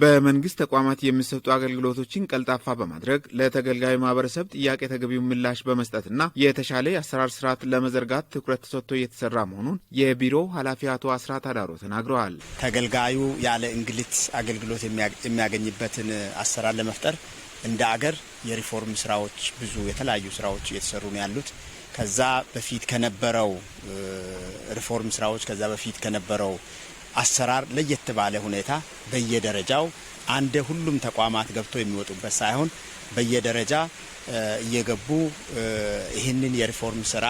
በመንግስት ተቋማት የሚሰጡ አገልግሎቶችን ቀልጣፋ በማድረግ ለተገልጋዩ ማህበረሰብ ጥያቄ ተገቢው ምላሽ በመስጠትና የተሻለ የአሰራር ስርዓት ለመዘርጋት ትኩረት ተሰጥቶ እየተሰራ መሆኑን የቢሮው ኃላፊ አቶ አስራት አዳሮ ተናግረዋል። ተገልጋዩ ያለ እንግልት አገልግሎት የሚያገኝበትን አሰራር ለመፍጠር እንደ አገር የሪፎርም ስራዎች ብዙ የተለያዩ ስራዎች እየተሰሩ ነው ያሉት። ከዛ በፊት ከነበረው ሪፎርም ስራዎች ከዛ በፊት ከነበረው አሰራር ለየት ባለ ሁኔታ በየደረጃው አንደ ሁሉም ተቋማት ገብቶ የሚወጡበት ሳይሆን በየደረጃ እየገቡ ይህንን የሪፎርም ስራ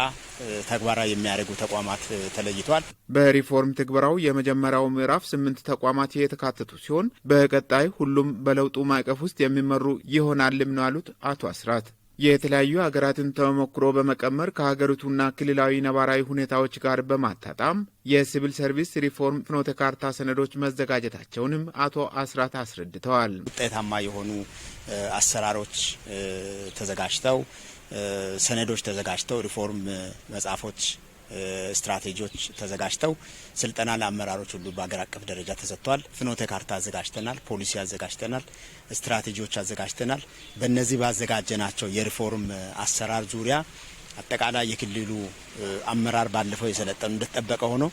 ተግባራዊ የሚያደርጉ ተቋማት ተለይቷል። በሪፎርም ትግበራው የመጀመሪያው ምዕራፍ ስምንት ተቋማት የተካተቱ ሲሆን በቀጣይ ሁሉም በለውጡ ማዕቀፍ ውስጥ የሚመሩ ይሆናልም ነው ያሉት አቶ አስራት የተለያዩ ሀገራትን ተሞክሮ በመቀመር ከሀገሪቱና ክልላዊ ነባራዊ ሁኔታዎች ጋር በማታጣም የሲቪል ሰርቪስ ሪፎርም ፍኖተ ካርታ ሰነዶች መዘጋጀታቸውንም አቶ አስራት አስረድተዋል። ውጤታማ የሆኑ አሰራሮች ተዘጋጅተው ሰነዶች ተዘጋጅተው ሪፎርም መጽሐፎች ስትራቴጂዎች ተዘጋጅተው ስልጠና ለአመራሮች ሁሉ በሀገር አቀፍ ደረጃ ተሰጥቷል። ፍኖተ ካርታ አዘጋጅተናል፣ ፖሊሲ አዘጋጅተናል፣ ስትራቴጂዎች አዘጋጅተናል። በእነዚህ ባዘጋጀናቸው የሪፎርም አሰራር ዙሪያ አጠቃላይ የክልሉ አመራር ባለፈው የሰለጠኑ እንደተጠበቀ ሆኖ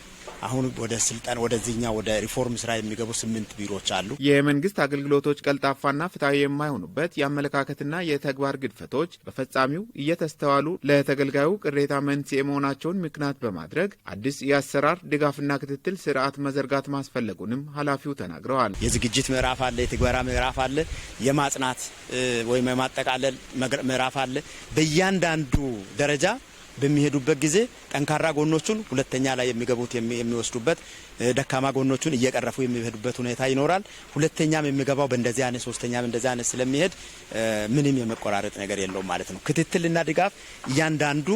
አሁን ወደ ስልጠና ወደዚህኛ ወደ ሪፎርም ስራ የሚገቡ ስምንት ቢሮዎች አሉ። የመንግስት አገልግሎቶች ቀልጣፋና ፍትሐዊ የማይሆኑበት የአመለካከትና የተግባር ግድፈቶች በፈጻሚው እየተስተዋሉ ለተገልጋዩ ቅሬታ መንስኤ መሆናቸውን ምክንያት በማድረግ አዲስ የአሰራር ድጋፍና ክትትል ስርዓት መዘርጋት ማስፈለጉንም ኃላፊው ተናግረዋል። የዝግጅት ምዕራፍ አለ፣ የትግበራ ምዕራፍ አለ፣ የማጽናት ወይም የማጠቃለል ምዕራፍ አለ። በእያንዳንዱ ደረጃ በሚሄዱበት ጊዜ ጠንካራ ጎኖቹን ሁለተኛ ላይ የሚገቡት የሚወስዱበት፣ ደካማ ጎኖቹን እየቀረፉ የሚሄዱበት ሁኔታ ይኖራል። ሁለተኛም የሚገባው በእንደዚህ አይነት፣ ሶስተኛም እንደዚህ አይነት ስለሚሄድ ምንም የመቆራረጥ ነገር የለውም ማለት ነው። ክትትልና ድጋፍ እያንዳንዱ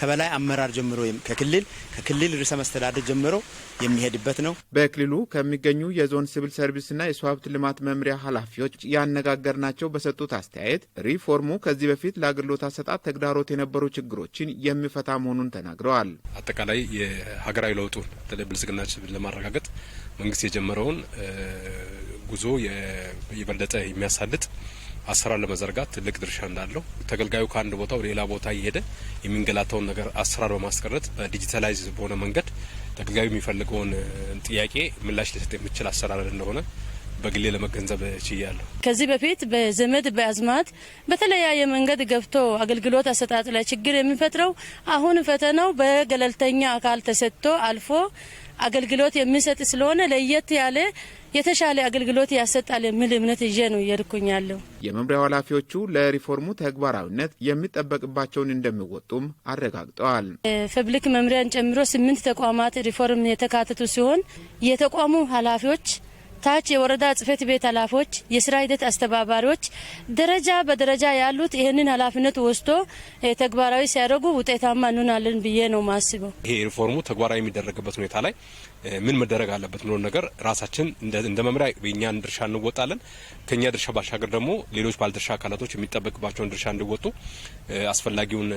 ከበላይ አመራር ጀምሮ ከክልል ከክልል ርዕሰ መስተዳድር ጀምሮ የሚሄድበት ነው። በክልሉ ከሚገኙ የዞን ሲቪል ሰርቪስና የሰው ሀብት ልማት መምሪያ ኃላፊዎች ያነጋገርናቸው በሰጡት አስተያየት ሪፎርሙ ከዚህ በፊት ለአገልግሎት አሰጣጥ ተግዳሮት የነበሩ ችግሮችን የሚፈታ መሆኑን ተናግረዋል። ገልጸዋል። አጠቃላይ የሀገራዊ ለውጡን በተለይ ብልጽግናችን ለማረጋገጥ መንግስት የጀመረውን ጉዞ የበለጠ የሚያሳልጥ አሰራር ለመዘርጋት ትልቅ ድርሻ እንዳለው ተገልጋዩ ከአንድ ቦታ ወደ ሌላ ቦታ እየሄደ የሚንገላታውን ነገር አሰራር በማስቀረት በዲጂታላይዝ በሆነ መንገድ ተገልጋዩ የሚፈልገውን ጥያቄ ምላሽ ሊሰጥ የሚችል አሰራር እንደሆነ በግሌ ለመገንዘብ ችያለሁ። ከዚህ በፊት በዘመድ በአዝማት በተለያየ መንገድ ገብቶ አገልግሎት አሰጣጥ ላይ ችግር የሚፈጥረው አሁን ፈተናው በገለልተኛ አካል ተሰጥቶ አልፎ አገልግሎት የሚሰጥ ስለሆነ ለየት ያለ የተሻለ አገልግሎት ያሰጣል የሚል እምነት ይዤ ነው እየሄድኩኝ ያለው። የመምሪያው ኃላፊዎቹ ለሪፎርሙ ተግባራዊነት የሚጠበቅባቸውን እንደሚወጡም አረጋግጠዋል። ፐብሊክ መምሪያን ጨምሮ ስምንት ተቋማት ሪፎርም የተካተቱ ሲሆን የተቋሙ ኃላፊዎች ታች የወረዳ ጽህፈት ቤት ኃላፊዎች፣ የስራ ሂደት አስተባባሪዎች ደረጃ በደረጃ ያሉት ይህንን ኃላፊነት ወስዶ ተግባራዊ ሲያደርጉ ውጤታማ እንሆናለን ብዬ ነው ማስበው። ይሄ ሪፎርሙ ተግባራዊ የሚደረግበት ሁኔታ ላይ ምን መደረግ አለበት ብሎ ነገር ራሳችን እንደ መምሪያ የእኛን ድርሻ እንወጣለን። ከእኛ ድርሻ ባሻገር ደግሞ ሌሎች ባለድርሻ አካላቶች የሚጠበቅባቸውን ድርሻ እንዲወጡ አስፈላጊውን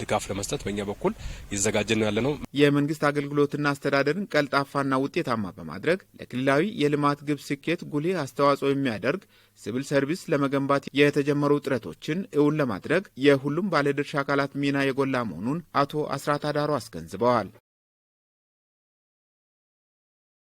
ድጋፍ ለመስጠት በእኛ በኩል ይዘጋጀን ያለ ነው። የመንግስት አገልግሎትና አስተዳደርን ቀልጣፋና ውጤታማ በማድረግ ለክልላዊ የልማት ግብ ስኬት ጉልህ አስተዋጽኦ የሚያደርግ ሲቪል ሰርቪስ ለመገንባት የተጀመሩ ጥረቶችን እውን ለማድረግ የሁሉም ባለድርሻ አካላት ሚና የጎላ መሆኑን አቶ አስራት አዳሮ አስገንዝበዋል።